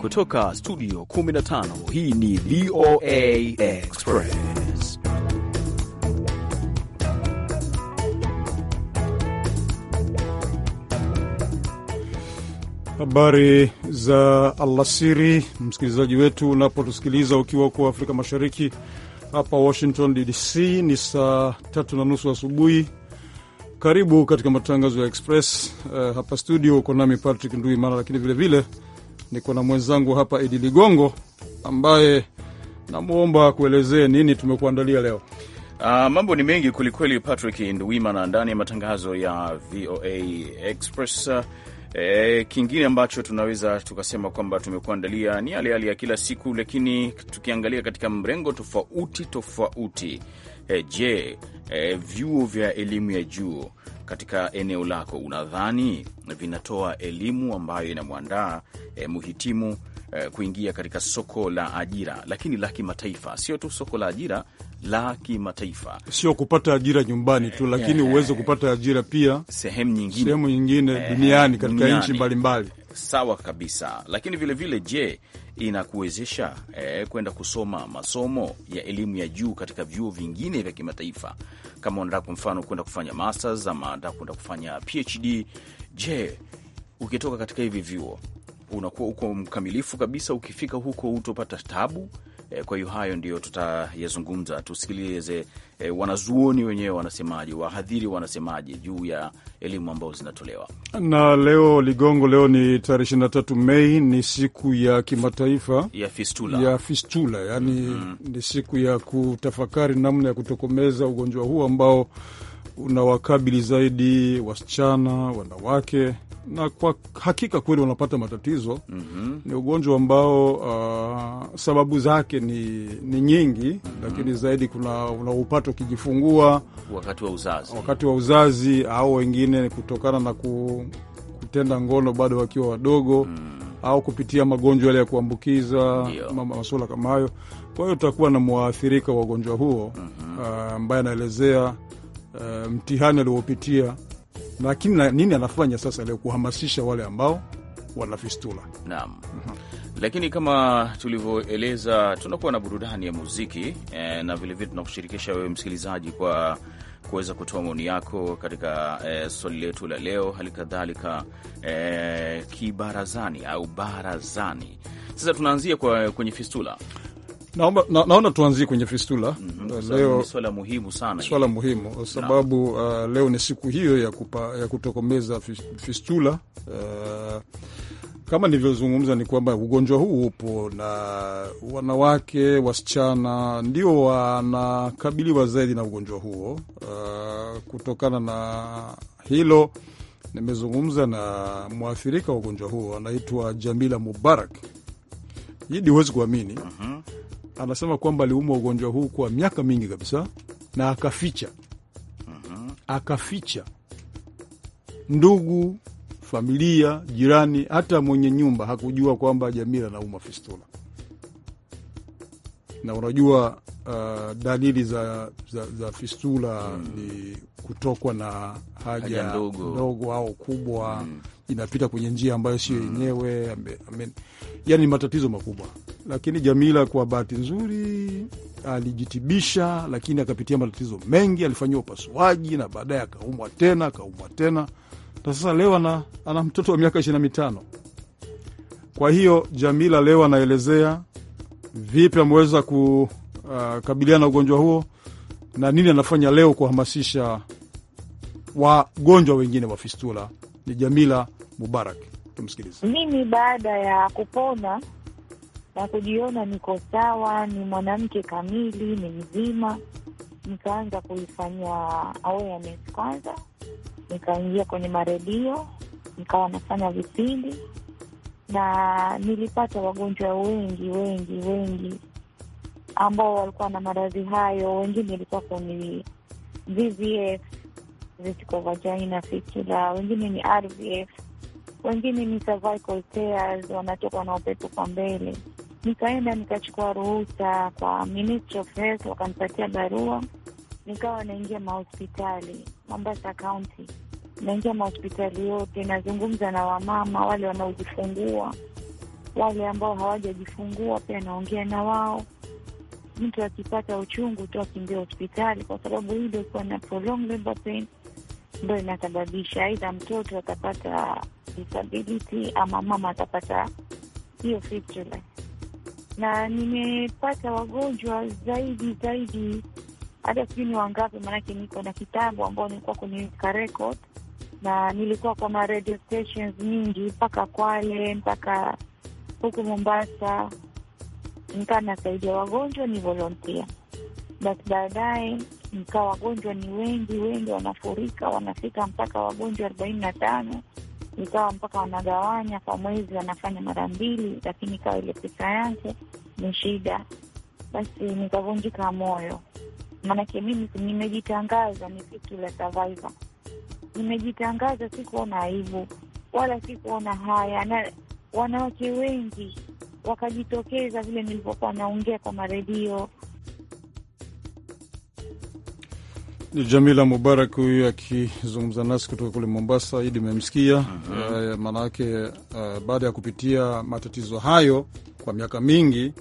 Kutoka studio 15 hii ni VOA Express. Habari za alasiri, msikilizaji wetu unapotusikiliza ukiwa huko Afrika Mashariki. Hapa Washington DC ni saa tatu na nusu asubuhi. Karibu katika matangazo ya Express. Uh, hapa studio uko nami Patrick Nduimana, lakini vilevile vile, niko na mwenzangu hapa Idi Ligongo ambaye namwomba kuelezee nini tumekuandalia leo. Uh, mambo ni mengi kwelikweli, Patrick Ndwimana, ndani ya matangazo ya VOA Express. E, kingine ambacho tunaweza tukasema kwamba tumekuandalia ni yale yale ya kila siku, lakini tukiangalia katika mrengo tofauti tofauti. E, je, e, vyuo vya elimu ya juu katika eneo lako unadhani vinatoa elimu ambayo inamwandaa eh, mhitimu eh, kuingia katika soko la ajira, lakini la kimataifa, sio tu soko la ajira la kimataifa, sio kupata ajira nyumbani tu, lakini uweze kupata ajira pia sehemu nyingine, sehemu nyingine eh, duniani, katika nchi mbalimbali. Sawa kabisa, lakini vilevile, je inakuwezesha eh, kwenda kusoma masomo ya elimu ya juu katika vyuo vingine vya kimataifa. Kama unataka kwa mfano kwenda kufanya masters ama unataka kwenda kufanya PhD, je, ukitoka katika hivi vyuo unakuwa uko mkamilifu kabisa? Ukifika huko utopata tabu? Eh, kwa hiyo hayo ndiyo tutayazungumza. Tusikilize e, wanazuoni wenyewe wanasemaje, wahadhiri wanasemaje juu ya elimu ambazo zinatolewa. Na leo Ligongo, leo ni tarehe 23 Mei, ni siku ya kimataifa ya fistula, ya fistula yani mm -hmm. ni siku ya kutafakari namna ya kutokomeza ugonjwa huu ambao unawakabili zaidi wasichana, wanawake na kwa hakika kweli wanapata matatizo mm -hmm. Ni ugonjwa ambao uh, sababu zake ni, ni nyingi mm -hmm. Lakini zaidi kuna unaupata ukijifungua wakati wa uzazi, wakati wa uzazi au wengine kutokana na ku, kutenda ngono bado wakiwa wadogo mm -hmm. Au kupitia magonjwa yale ya kuambukiza masuala kama hayo. Kwa hiyo utakuwa na mwaathirika wa ugonjwa huo mhm. ah, ambaye mm -hmm. uh, anaelezea uh, mtihani aliopitia lakini na, nini anafanya sasa leo kuhamasisha wale ambao wana fistula. Naam. mm -hmm. Lakini kama tulivyoeleza, tunakuwa na burudani ya muziki e, na vilevile tunakushirikisha wewe msikilizaji kwa kuweza kutoa maoni yako katika e, swali letu la leo, hali kadhalika e, kibarazani au barazani. Sasa tunaanzia kwa kwenye fistula. Naomba, na, naona tuanzie kwenye fistula mm -hmm. Leo swala muhimu sana, swala muhimu kwa sababu uh, leo ni siku hiyo ya, kupa, ya kutokomeza fistula uh, kama nilivyozungumza ni kwamba ugonjwa huu upo na wanawake, wasichana ndio wanakabiliwa zaidi na ugonjwa huo. Uh, kutokana na hilo nimezungumza na mwathirika wa ugonjwa huo anaitwa Jamila Mubarak. Hidi huwezi kuamini uh mhm. -huh anasema kwamba aliumwa ugonjwa huu kwa miaka mingi kabisa na akaficha, mhm. akaficha ndugu, familia, jirani, hata mwenye nyumba hakujua kwamba Jamila anauma fistula na unajua uh, dalili za, za, za fistula mm. ni kutokwa na haja, haja ndogo, ndogo au kubwa mm. inapita kwenye njia ambayo sio mm. yenyewe mm. yani matatizo makubwa, lakini Jamila kwa bahati nzuri alijitibisha, lakini akapitia matatizo mengi, alifanyiwa upasuaji na baadaye akaumwa tena akaumwa tena na sasa leo ana, ana mtoto wa miaka ishirini na mitano. Kwa hiyo Jamila leo anaelezea vipi ameweza kukabiliana uh, na ugonjwa huo na nini anafanya leo kuhamasisha wagonjwa wengine wa fistula. Ni Jamila Mubarak, tumsikilize. Mimi baada ya kupona na kujiona niko sawa, ni mwanamke kamili, ni mzima, nikaanza kuifanyia awareness kwanza, nikaingia kwenye maredio, nikawa nafanya vipindi na nilipata wagonjwa wengi wengi wengi ambao walikuwa na maradhi hayo. Wengine ilikuwa kwenye VVF, vertical vagina fistula, wengine ni RVF, wengine ni cervical tears, wanatoka na upepo kwa mbele. Nikaenda nikachukua ruhusa kwa Ministry of Health, wakanipatia barua, nikawa naingia mahospitali Mombasa County naingia mahospitali yote, nazungumza na wamama wale wanaojifungua, wale ambao hawajajifungua pia naongea na wao. Mtu akipata uchungu tu akimbia hospitali, kwa sababu hii ilikuwa na prolonged labor pain inasababisha aidha mtoto atapata disability ama mama atapata hiyo fistula. Na nimepata wagonjwa zaidi zaidi, hata sijui ni wangapi, maanake niko na kitabu ambao nilikuwa kwenye record na nilikuwa kwa ma radio stations nyingi mpaka Kwale mpaka huku Mombasa, nikaa nasaidia wagonjwa, ni volontia. Basi baadaye nikaa wagonjwa ni wengi wengi, wanafurika wanafika mpaka wagonjwa arobaini na tano ikawa mpaka wanagawanya kwa mwezi, wanafanya mara mbili, lakini ikawa ile pesa yake ni shida. Basi nikavunjika moyo, maanake mimi nimejitangaza ni kitu la survivor nimejitangaza, si kuona aibu wala si kuona haya, na wanawake wengi wakajitokeza vile nilivyokuwa naongea kwa maredio. Jamila Mubarak huyu akizungumza nasi kutoka kule Mombasa. Idi memsikia uh mhm. eh, -huh. Eh, uh, baada ya kupitia matatizo hayo kwa miaka mingi,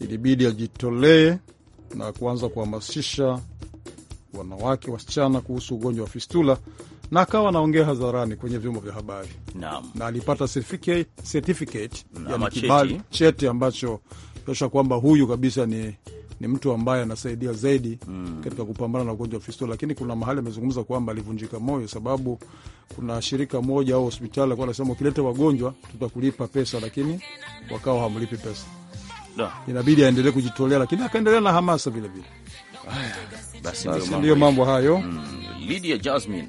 ilibidi ajitolee na kuanza kuhamasisha wanawake, wasichana kuhusu ugonjwa wa fistula na akawa anaongea hadharani kwenye vyombo vya habari na, na alipata certificate, certificate yani kibali cheti ambacho tosha kwamba huyu kabisa ni ni mtu ambaye anasaidia zaidi mm. katika kupambana na ugonjwa wa fistula, lakini kuna mahali amezungumza kwamba alivunjika moyo, sababu kuna shirika moja au hospitali alikuwa anasema ukileta wagonjwa tutakulipa pesa, lakini wakawa hamlipi pesa da. Inabidi aendelee kujitolea, lakini akaendelea na hamasa vilevile. Basi ndiyo mambo hayo mm. Lydia Jasmine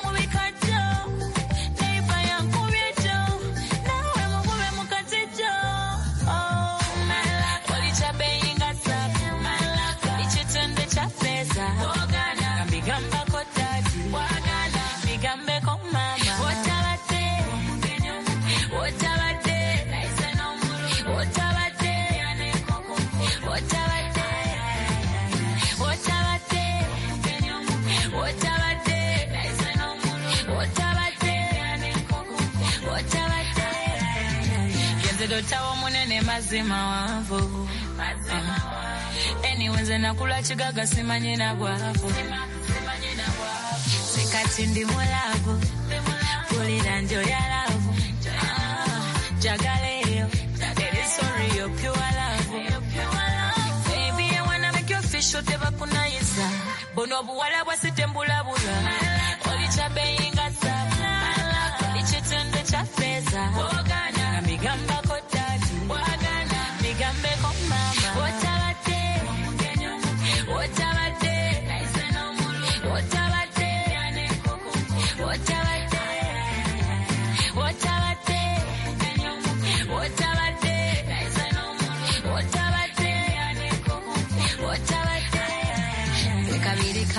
otawo munene mazima wavu ah. eniweze nakula kigaga simanye nagwavu sikati ndi mulavu kulira njoyalavu jagale bono obuwala bwasitembulabula olicabei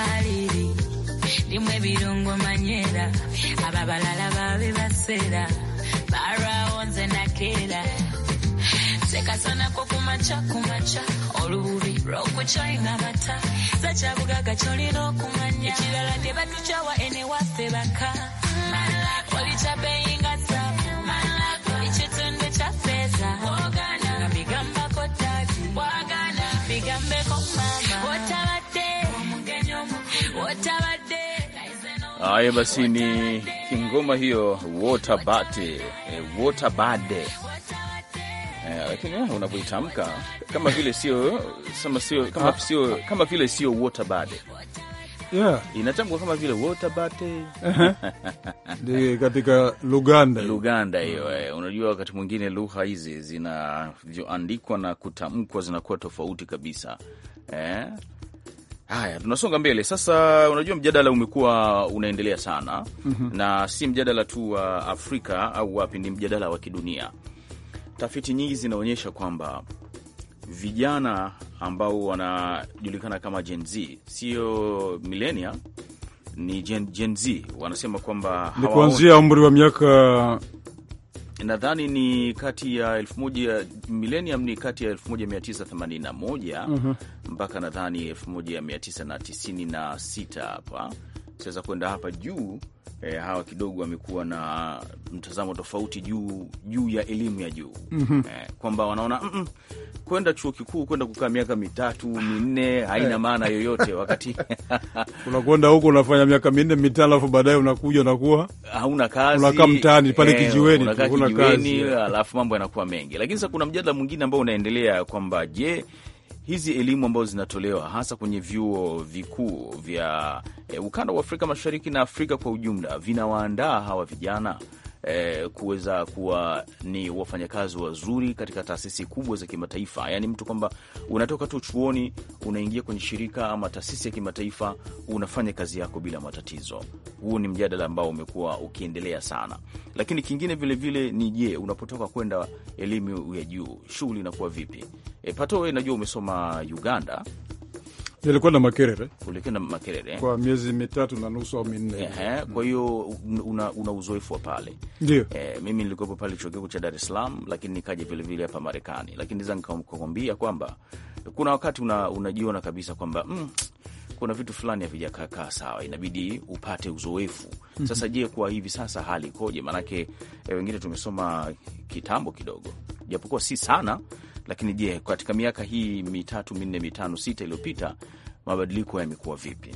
kaliri dimu ebirungu manyera ababalala babe baseera barawo nze nakeera sekasanako kumaca kumaca olububi lwokucainga mata zacabugaga colira okumanya ekirala tebatucawa ene waffe baka olicabeye Haya basi, ni kingoma hiyo water bate, eh, water bade eh, lakini unavyoitamka kama vile sio kama sio kama, ah. sio, kama vile sio water bade Yeah. Inatamkwa kama vile water bate -huh. katika Luganda, Luganda mm. hiyo. eh. Unajua, wakati mwingine lugha hizi zinavyoandikwa na kutamkwa zinakuwa tofauti kabisa eh? Haya, tunasonga mbele sasa. Unajua, mjadala umekuwa unaendelea sana mm -hmm. na si mjadala tu wa Afrika au wapi, ni mjadala wa kidunia. Tafiti nyingi zinaonyesha kwamba vijana ambao wanajulikana kama Gen Z, sio milenia, ni Gen, Gen Z, wanasema kwamba kuanzia umri wa miaka nadhani ni kati ya elfu moja milenium ni kati ya 1981 mm -hmm. mpaka nadhani 1996 hapa sasa kwenda hapa juu e, hawa kidogo wamekuwa na mtazamo tofauti juu juu ya elimu ya juu mm -hmm. e, kwamba wanaona mm -mm, kwenda chuo kikuu kwenda kukaa miaka mitatu minne haina eh. maana yoyote wakati unakwenda huko unafanya miaka minne mitano, alafu baadaye unakuja unakuwa hauna kazi, unakaa mtaani pale eh, kijiweni, huna kazi, alafu mambo yanakuwa mengi. Lakini sasa kuna mjadala mwingine ambao unaendelea kwamba je, hizi elimu ambazo zinatolewa hasa kwenye vyuo vikuu vya e, ukanda wa Afrika Mashariki na Afrika kwa ujumla vinawaandaa hawa vijana eh, kuweza kuwa ni wafanyakazi wazuri katika taasisi kubwa za kimataifa. Yani mtu kwamba unatoka tu chuoni unaingia kwenye shirika ama taasisi ya kimataifa unafanya kazi yako bila matatizo. Huu ni mjadala ambao umekuwa ukiendelea sana, lakini kingine vilevile ni je, unapotoka kwenda elimu ya juu shughuli inakuwa vipi? E, Patoe najua umesoma Uganda Ilikuwa na makerere, kulikuwa na makerere kwa miezi mitatu na nusu au minne. Ehe, kwa hiyo una, una uzoefu wa pale ndio. E, mimi nilikuwepo pale chuo kikuu cha Dar es Salaam, lakini nikaja vilevile hapa Marekani, lakini naweza nikakwambia kwamba kuna wakati una, unajiona kabisa kwamba mm, kuna vitu fulani havijakaakaa sawa, inabidi upate uzoefu mhm. sasa. Je, kwa hivi sasa hali ikoje? Maanake eh, wengine tumesoma kitambo kidogo, japokuwa si sana lakini je, katika miaka hii mitatu minne mitano sita iliyopita mabadiliko yamekuwa vipi?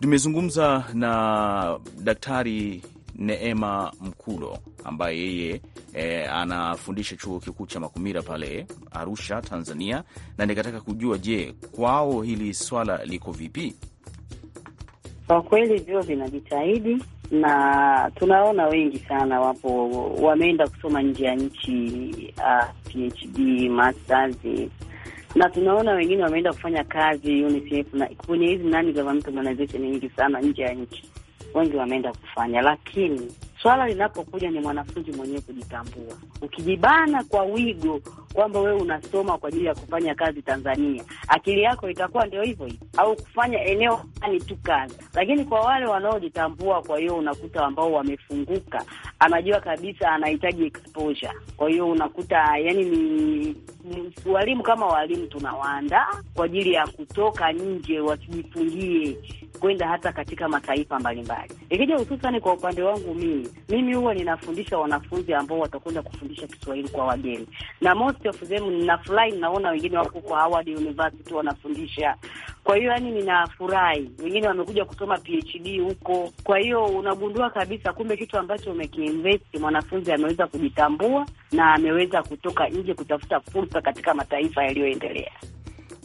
Tumezungumza na Daktari Neema Mkulo ambaye yeye e, anafundisha chuo kikuu cha Makumira pale Arusha, Tanzania, na nikataka kujua je, kwao hili swala liko vipi? Kwa kweli vyuo vinajitahidi na tunaona wengi sana wapo wameenda kusoma nje ya nchi uh, ah, PhD masters, na tunaona wengine wameenda kufanya kazi UNICEF na kwenye hizi nani government organization nyingi sana nje ya nchi, wengi wameenda kufanya, lakini swala linapokuja ni mwanafunzi mwenyewe kujitambua. Ukijibana kwa wigo kwamba wewe unasoma kwa ajili ya kufanya kazi Tanzania, akili yako itakuwa ndio hivyo hivyo, au kufanya eneo fulani tu kazi. Lakini kwa wale wanaojitambua, kwa hiyo unakuta ambao wamefunguka, anajua kabisa anahitaji exposure, kwa hiyo unakuta yani ni walimu kama walimu tunawaandaa kwa ajili ya kutoka nje, wasijifungie kwenda hata katika mataifa mbalimbali. Ikija hususani kwa upande wangu mimi, mimi huwa ninafundisha wanafunzi ambao watakwenda kufundisha Kiswahili kwa wageni, na most of them ninafurahi, ninaona wengine wako kwa Howard University wanafundisha. Kwa hiyo yani, ninafurahi wengine wamekuja kusoma PhD huko. Kwa hiyo unagundua kabisa, kumbe kitu ambacho umekiinvesti mwanafunzi ameweza kujitambua na ameweza kutoka nje kutafuta fursa hususan katika mataifa yaliyoendelea.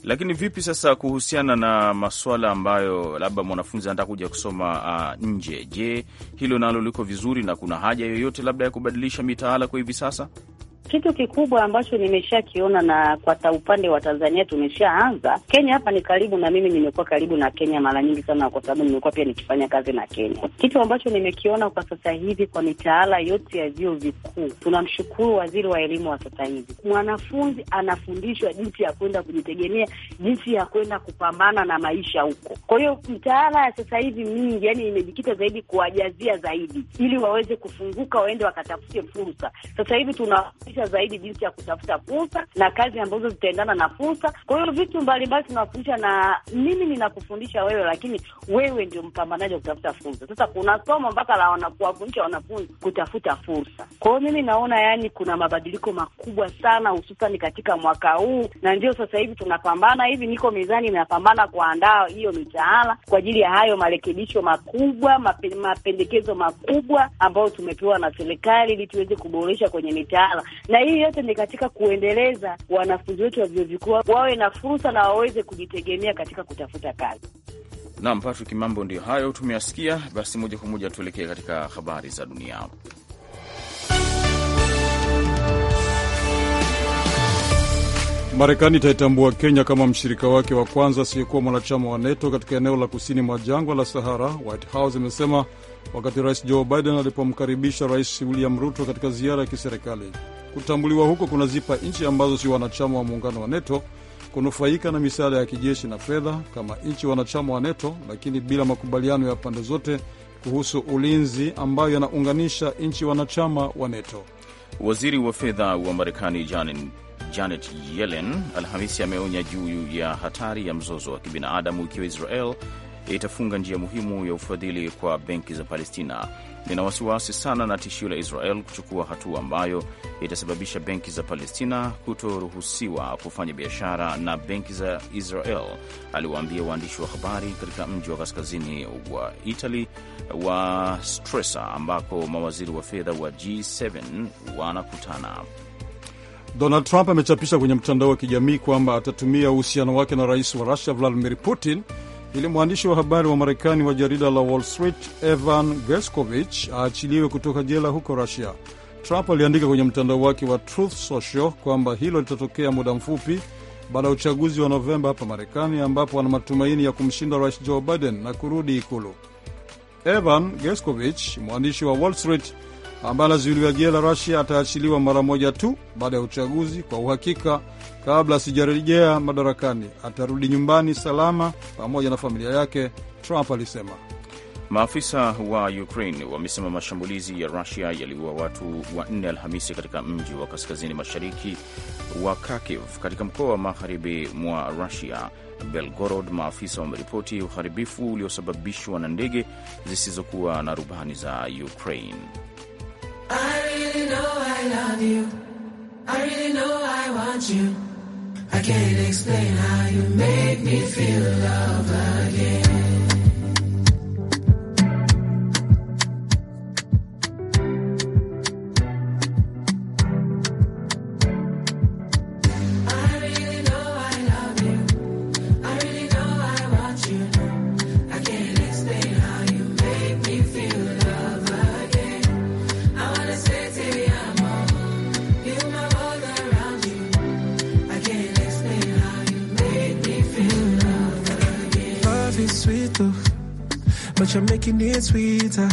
Lakini vipi sasa kuhusiana na masuala ambayo labda mwanafunzi anataka kuja kusoma uh, nje? Je, hilo nalo liko vizuri na kuna haja yoyote labda ya kubadilisha mitaala kwa hivi sasa? Kitu kikubwa ambacho nimeshakiona na kwa upande wa Tanzania tumeshaanza. Kenya hapa ni karibu na mimi, nimekuwa karibu na Kenya mara nyingi sana, kwa sababu nimekuwa pia nikifanya kazi na Kenya. Kitu ambacho nimekiona kwa sasa hivi kwa mitaala yote ya vyuo vikuu, tunamshukuru waziri wa elimu wa sasa hivi, mwanafunzi anafundishwa jinsi ya kwenda kujitegemea, jinsi ya kwenda kupambana na maisha huko. Kwa hiyo mitaala ya sasa hivi mingi, yani imejikita zaidi kuwajazia zaidi, ili waweze kufunguka, waende wakatafute fursa. Sasa hivi tuna kuwafundisha zaidi jinsi ya kutafuta fursa na kazi ambazo zitaendana na fursa. Kwa hiyo vitu mbalimbali tunawafundisha, na mimi ninakufundisha wewe, lakini wewe ndio mpambanaji wa kutafuta fursa. Sasa kuna somo mpaka la kuwafundisha wanafunzi kutafuta fursa. Kwa hiyo mimi naona yani kuna mabadiliko makubwa sana, hususani katika mwaka huu, na ndio sasa hivi tunapambana hivi, niko mezani napambana kuandaa hiyo mitaala kwa ajili ya hayo marekebisho makubwa, mapendekezo makubwa ambayo tumepewa na serikali ili tuweze kuboresha kwenye mitaala na hii yote ni katika kuendeleza wanafunzi wetu wa vyuo vikuu wawe na fursa na waweze kujitegemea katika kutafuta kazi. Naam, Patrick, mambo ndio hayo tumeyasikia. Basi moja kwa moja tuelekee katika habari za dunia. Marekani itaitambua Kenya kama mshirika wake wa kwanza asiyekuwa mwanachama wa NATO katika eneo la kusini mwa jangwa la Sahara, White House imesema wakati Rais Joe Biden alipomkaribisha Rais William Ruto katika ziara ya kiserikali. Kutambuliwa huko kunazipa nchi ambazo si wanachama wa muungano wa NATO kunufaika na misaada ya kijeshi na fedha kama nchi wanachama wa NATO, lakini bila makubaliano ya pande zote kuhusu ulinzi ambayo yanaunganisha nchi wanachama wa NATO. Waziri wa fedha wa Marekani Janet Yellen Alhamisi ameonya juu ya hatari ya mzozo wa kibinadamu ikiwa Israel itafunga njia muhimu ya ufadhili kwa benki za Palestina. Nina wasiwasi sana na tishio la Israel kuchukua hatua ambayo itasababisha benki za Palestina kutoruhusiwa kufanya biashara na benki za Israel, aliwaambia waandishi wa habari katika mji wa kaskazini wa Itali wa Stresa, ambako mawaziri wa fedha wa G7 wanakutana. Donald Trump amechapisha kwenye mtandao wa kijamii kwamba atatumia uhusiano wake na rais wa Rusia Vladimir Putin ili mwandishi wa habari wa Marekani wa jarida la Wall Street Evan Geskovich aachiliwe kutoka jela huko Rusia. Trump aliandika kwenye mtandao wake wa Truth Social kwamba hilo litatokea muda mfupi baada ya uchaguzi wa Novemba hapa Marekani, ambapo ana matumaini ya kumshinda rais Joe Biden na kurudi Ikulu. Evan Geskovich, mwandishi wa Wall Street, ambaye azuiliwa jela Rasia ataachiliwa mara moja tu baada ya uchaguzi kwa uhakika, kabla asijarejea madarakani. Atarudi nyumbani salama pamoja na familia yake, Trump alisema. Maafisa wa Ukraine wamesema mashambulizi ya Rusia yaliua watu wanne Alhamisi katika mji wa kaskazini mashariki wa Kharkiv katika mkoa wa magharibi mwa Rusia, Belgorod. Maafisa wameripoti uharibifu uliosababishwa na ndege zisizokuwa na rubani za Ukraine. I really know I love you. I really know I want you. I can't explain how you make me feel love again. making it sweeter.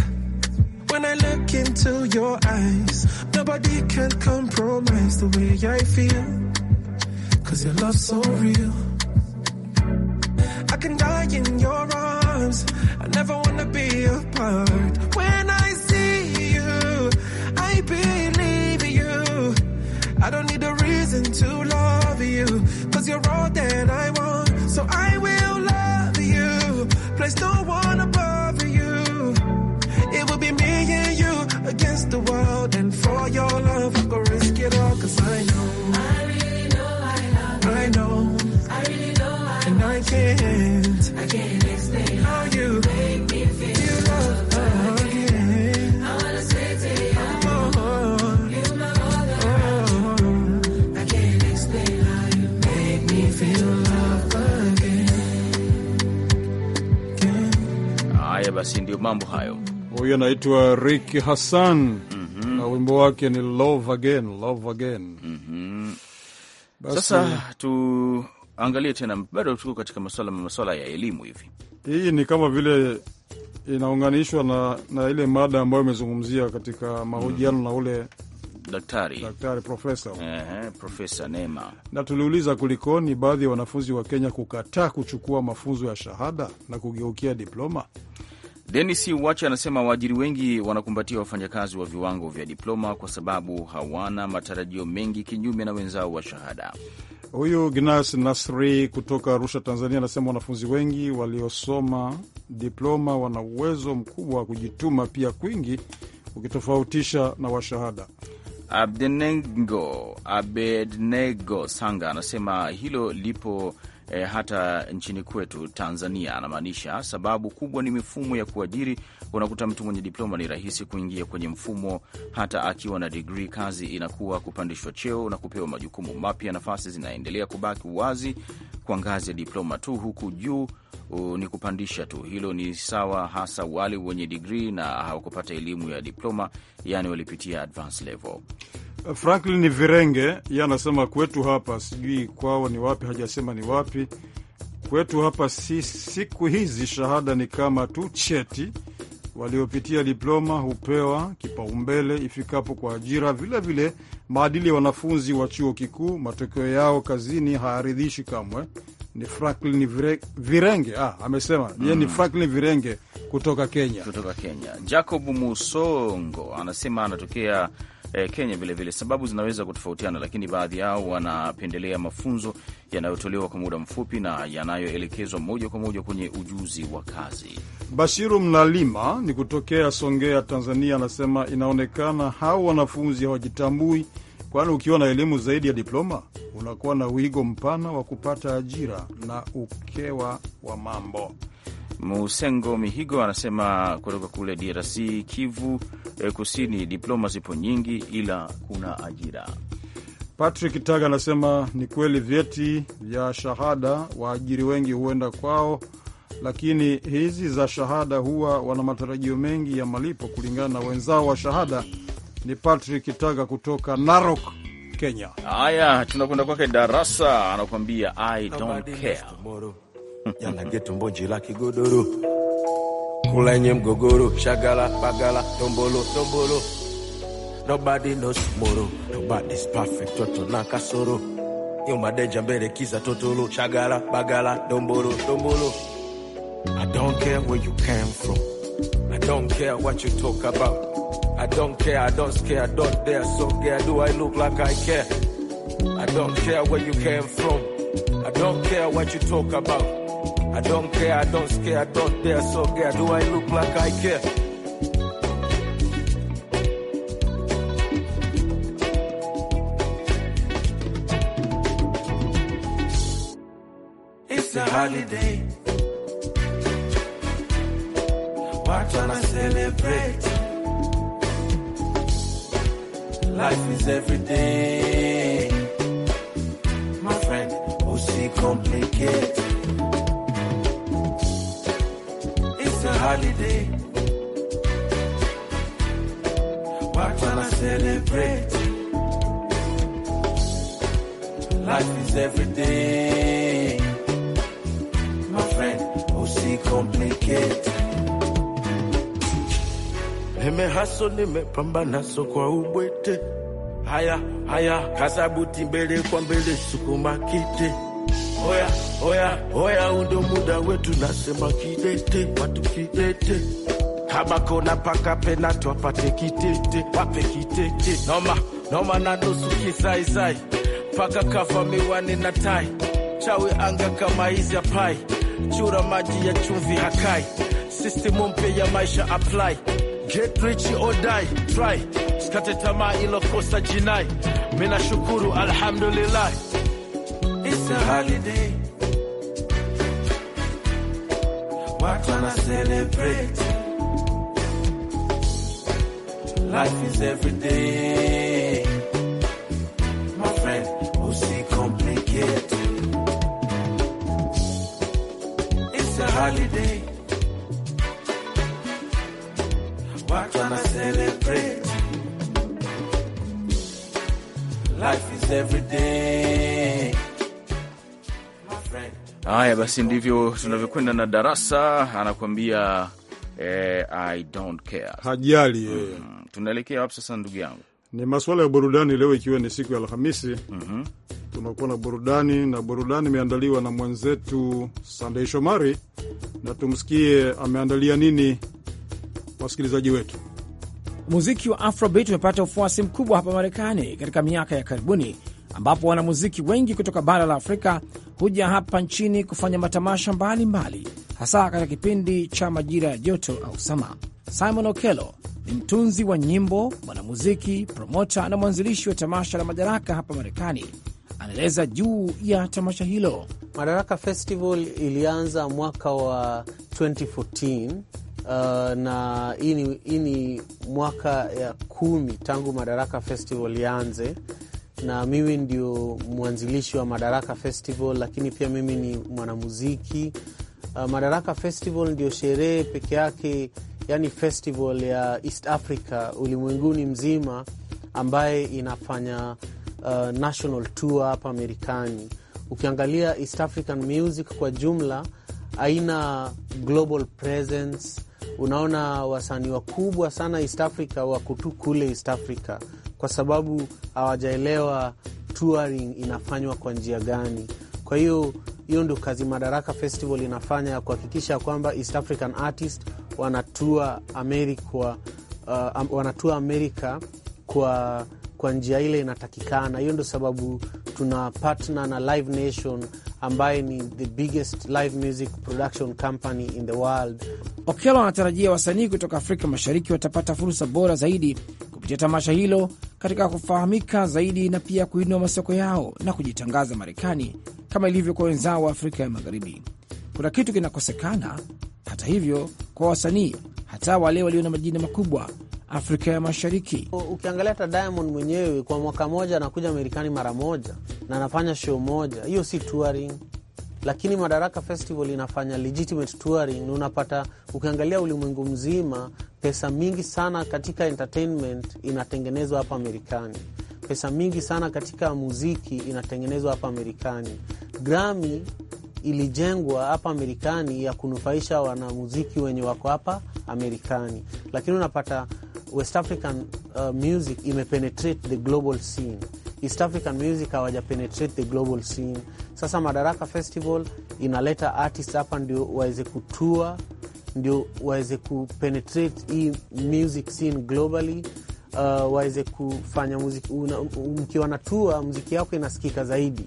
When I look into your eyes, nobody can compromise the way I feel. Cause your love's so real. basi ndio mambo hayo. Huyu anaitwa Rick Hassan mm -hmm. na wimbo wake ni love again, love again. Mm -hmm. Basi... Sasa tuangalie tena, bado tuko katika maswala maswala ya elimu hivi, hii ni kama vile inaunganishwa na, na ile mada ambayo imezungumzia katika mahojiano mm -hmm. na ule daktari daktari profesa eh, Profesa Neema, na tuliuliza kulikoni baadhi ya wanafunzi wa Kenya kukataa kuchukua mafunzo ya shahada na kugeukia diploma. Denis Wacha anasema waajiri wengi wanakumbatia wafanyakazi wa viwango vya diploma kwa sababu hawana matarajio mengi, kinyume na wenzao wa shahada. Huyu Gnas Nasri kutoka Arusha, Tanzania, anasema wanafunzi wengi waliosoma diploma wana uwezo mkubwa wa kujituma pia kwingi, ukitofautisha na washahada. Abednego Abednego Sanga anasema hilo lipo e, hata nchini kwetu Tanzania. Anamaanisha sababu kubwa ni mifumo ya kuajiri. Unakuta mtu mwenye diploma ni rahisi kuingia kwenye mfumo, hata akiwa na digrii kazi inakuwa kupandishwa cheo na kupewa majukumu mapya. Nafasi zinaendelea kubaki wazi kwa ngazi ya diploma tu, huku juu ni kupandisha tu. Hilo ni sawa hasa wale wenye digrii na hawakupata elimu ya diploma, yani walipitia advanced level. Franklin Virenge ye anasema kwetu hapa, sijui kwao ni wapi, hajasema ni wapi. Kwetu hapa si, siku hizi shahada ni kama tu cheti. Waliopitia diploma hupewa kipaumbele ifikapo kwa ajira. Vilevile vile, maadili ya wanafunzi wa chuo kikuu, matokeo yao kazini hayaridhishi kamwe. Ni Franklin Virenge ah, amesema mm. Ye ni Franklin Virenge kutoka Kenya, kutoka Kenya. Jacob Musongo anasema anatokea eh, Kenya vilevile, sababu zinaweza kutofautiana, lakini baadhi yao wanapendelea mafunzo yanayotolewa kwa muda mfupi na yanayoelekezwa moja kwa moja kwenye ujuzi wa kazi. Bashiru Mnalima ni kutokea Songea, Tanzania, anasema inaonekana hao wanafunzi hawajitambui, kwani ukiwa na elimu zaidi ya diploma unakuwa na wigo mpana wa kupata ajira na ukewa wa mambo Musengo Mihigo anasema kutoka kule DRC Kivu eh, Kusini, diploma zipo nyingi, ila kuna ajira. Patrick Taga anasema ni kweli vyeti vya shahada waajiri wengi huenda kwao, lakini hizi za shahada huwa wana matarajio mengi ya malipo kulingana na wenzao wa shahada. Ni Patrick Taga kutoka Narok, Kenya. Haya, tunakwenda kwake Darasa, anakuambia I don't care. kigodoro kulenye mgogoro shagala bagala tombolo tombolo nobody knows nobody's perfect toto na kasoro mbele kiza totolo shagala bagala i don't care where you came from i don't care what you talk about I don't care, I don't care, I don't dare, so care, do I look like I care? I don't care where you came from. I don't care what you talk about. I don't care, I don't scare, I don't dare, so care. Do I look like I care? It's a holiday. Watch on a celebrate. Life is everything, My friend, who's oh, complicated? holiday. We're trying to celebrate. Life is everyday. My friend, oh, see, complicate. Nimehasoni, nimepambana so kwa ubwete. Haya haya, kasabuti mbele kwa mbele, sukuma kite oya oya oya, undo muda wetu, nasema kidete watu kidete, kama kona paka penatu wapate kitete, wape kitete noma noma na nusu kizaizai paka kafa miwani na tai chawi anga kama hizi apai chura maji ya chumvi hakai sistemu mpya ya maisha apply get rich or die try skate tamaa ilokosa jinai mina shukuru alhamdulillahi it's a holiday. Why can't I celebrate? Life is every day. My friend, see complicated. It's a holiday. celebrate? Life is every day. Haya basi, ndivyo tunavyokwenda na darasa anakuambia eh, I don't care, hajali mm-hmm. yeye. Mm, tunaelekea wapi sasa ndugu yangu? Ni masuala ya burudani leo, ikiwa ni siku ya Alhamisi. mm -hmm. Tunakuwa na burudani na burudani imeandaliwa na mwenzetu Sandei Shomari, na tumsikie ameandalia nini wasikilizaji wetu. Muziki wa Afrobeat umepata ufuasi mkubwa hapa Marekani katika miaka ya karibuni ambapo wanamuziki wengi kutoka bara la Afrika huja hapa nchini kufanya matamasha mbalimbali, hasa katika kipindi cha majira ya joto au sama. Simon Okelo ni mtunzi wa nyimbo, mwanamuziki, promota na mwanzilishi wa tamasha la Madaraka hapa Marekani. Anaeleza juu ya tamasha hilo. Madaraka Festival ilianza mwaka wa 2014 uh, na hii ni mwaka ya kumi tangu Madaraka Festival ianze na mimi ndio mwanzilishi wa Madaraka Festival, lakini pia mimi ni mwanamuziki. Uh, Madaraka Festival ndio sherehe peke yake, yani festival ya East Africa ulimwenguni mzima ambaye inafanya uh, national tour hapa Marekani. Ukiangalia East African music kwa jumla aina global presence, unaona wasanii wakubwa sana East Africa wakutu kule East Africa kwa sababu hawajaelewa touring inafanywa kwa njia gani. Kwa hiyo hiyo ndio kazi Madaraka Festival inafanya ya kuhakikisha kwamba East African artist wanatua Amerika, uh, um, wanatua Amerika kwa kwa njia ile inatakikana. Hiyo ndo sababu tuna partner na Live Nation ambaye ni the biggest live music production company in the world. okelo anatarajia wasanii kutoka Afrika Mashariki watapata fursa bora zaidi kupitia tamasha hilo katika kufahamika zaidi na pia kuinua masoko yao na kujitangaza Marekani kama ilivyo kwa wenzao wa Afrika ya Magharibi. Kuna kitu kinakosekana, hata hivyo, kwa wasanii hata wale walio na majina makubwa Afrika ya Mashariki. Ukiangalia hata Diamond mwenyewe kwa mwaka moja anakuja Marekani mara moja na anafanya show moja, hiyo si touring lakini Madaraka Festival inafanya legitimate touring. Unapata ukiangalia ulimwengu mzima, pesa mingi sana katika entertainment inatengenezwa hapa Marekani, pesa mingi sana katika muziki inatengenezwa hapa Marekani. Grammy ilijengwa hapa Marekani ya kunufaisha wanamuziki wenye wako hapa Amerikani, lakini unapata West African uh, music imepenetrate the global scene East African music hawaja penetrate the global scene. Sasa Madaraka Festival inaleta artist hapa ndio waweze kutua, ndio waweze kupenetrate hii music scene globally. Uh, waweze kufanya muziki, mkiwa na tua muziki yako inasikika zaidi.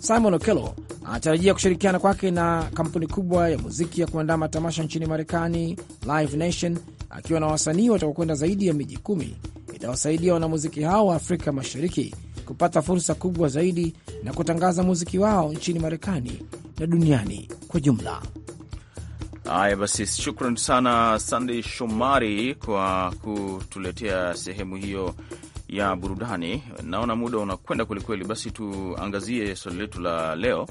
Simon Okelo anatarajia kushirikiana kwake na kampuni kubwa ya muziki ya kuandaa matamasha nchini Marekani, Live Nation, akiwa na wasanii watakokwenda zaidi ya miji kumi, itawasaidia wanamuziki hao wa Afrika Mashariki kupata fursa kubwa zaidi na kutangaza muziki wao nchini Marekani na duniani kwa jumla. Haya basi, shukran sana Sandey Shomari kwa kutuletea sehemu hiyo ya burudani. Naona muda unakwenda kwelikweli, basi tuangazie swali letu la leo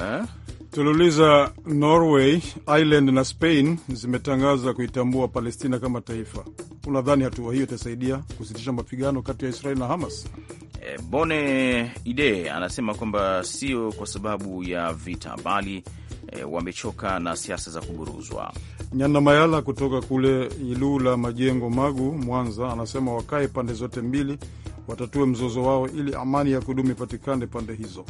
eh? Tuliuliza Norway, Ireland na Spain zimetangaza kuitambua Palestina kama taifa. Unadhani hatua hiyo itasaidia kusitisha mapigano kati ya Israeli na Hamas? E, Bone Ide anasema kwamba sio kwa sababu ya vita, bali e, wamechoka na siasa za kuburuzwa. Nyanda Mayala kutoka kule Ilula Majengo, Magu, Mwanza, anasema wakae pande zote mbili watatue mzozo wao ili amani ya kudumu ipatikane pande hizo.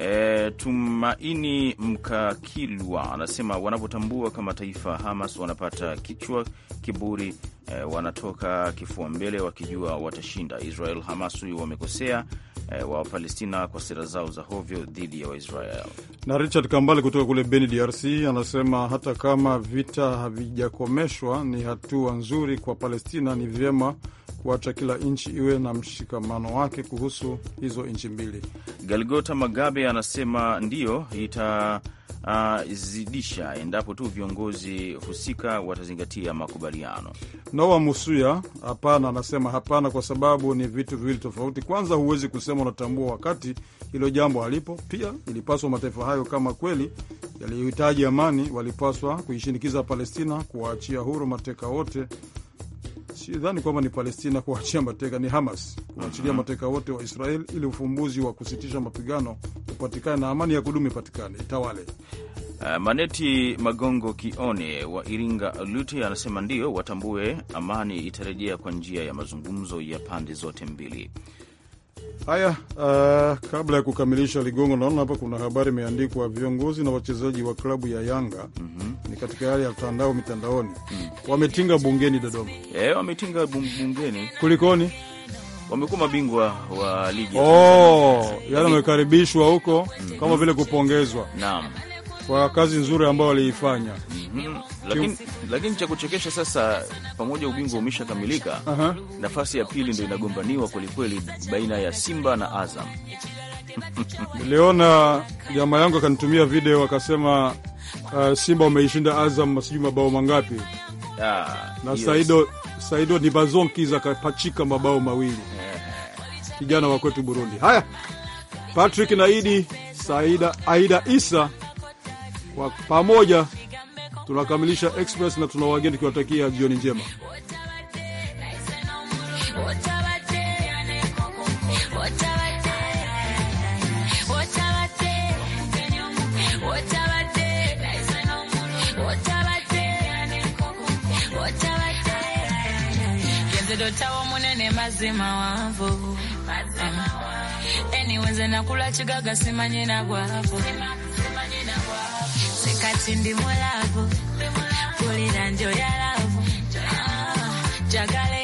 E, Tumaini Mkakilwa anasema wanapotambua kama taifa Hamas wanapata kichwa kiburi eh, wanatoka kifua mbele wakijua watashinda. Israel Hamas huyu wamekosea eh, wa Palestina kwa sera zao za hovyo dhidi ya Waisrael. Na Richard Kambale kutoka kule Beni, DRC, anasema hata kama vita havijakomeshwa ni hatua nzuri kwa Palestina, ni vyema kuacha kila nchi iwe na mshikamano wake kuhusu hizo nchi mbili. Galgota Magabe anasema ndiyo ita uh, zidisha endapo tu viongozi husika watazingatia makubaliano. Noa Musuya hapana, anasema hapana, kwa sababu ni vitu viwili tofauti. Kwanza huwezi kusema unatambua wakati hilo jambo halipo. Pia ilipaswa mataifa hayo kama kweli yaliyohitaji amani, walipaswa kuishinikiza Palestina kuwaachia huru mateka wote. Sidhani kwamba ni Palestina kuachia mateka, ni Hamas kuachilia mhm. mateka wote wa Israel ili ufumbuzi wa kusitisha mapigano upatikane na amani ya kudumu ipatikane itawale. Uh, Maneti Magongo Kione wa Iringa Lute anasema ndiyo, watambue amani itarejea kwa njia ya mazungumzo ya pande zote mbili. Haya, uh, kabla ya kukamilisha Ligongo, naona hapa kuna habari imeandikwa, viongozi na wachezaji wa klabu ya Yanga mm -hmm. ni katika hali ya mtandao mitandaoni mm. wametinga bungeni Dodoma. E, wametinga bungeni kulikoni? wamekuwa mabingwa wa ligi oh, yani wamekaribishwa huko mm -hmm. kama vile kupongezwa. Naam kwa kazi nzuri ambayo waliifanya. mm -hmm. Lakini lakini cha kuchekesha sasa, pamoja ubingwa umeshakamilika, uh -huh. nafasi ya pili ndo inagombaniwa kwelikweli baina ya Simba na Azam. Niliona jamaa yangu akanitumia video akasema, uh, Simba umeishinda Azam sijui mabao mangapi. ah, na yes. Saido, Saido ni bazonkiza akapachika mabao mawili eh. kijana yeah. wa kwetu Burundi. Haya, Patrick na Idi Saida, Aida Isa kwa pamoja tunakamilisha Express na tuna wageni tukiwatakia jioni njema. Dotawa munene mazima wavo eniweze nakula chigaga simanyina gwavo kati ndi mulavu kulira njoyalavu ah, jagale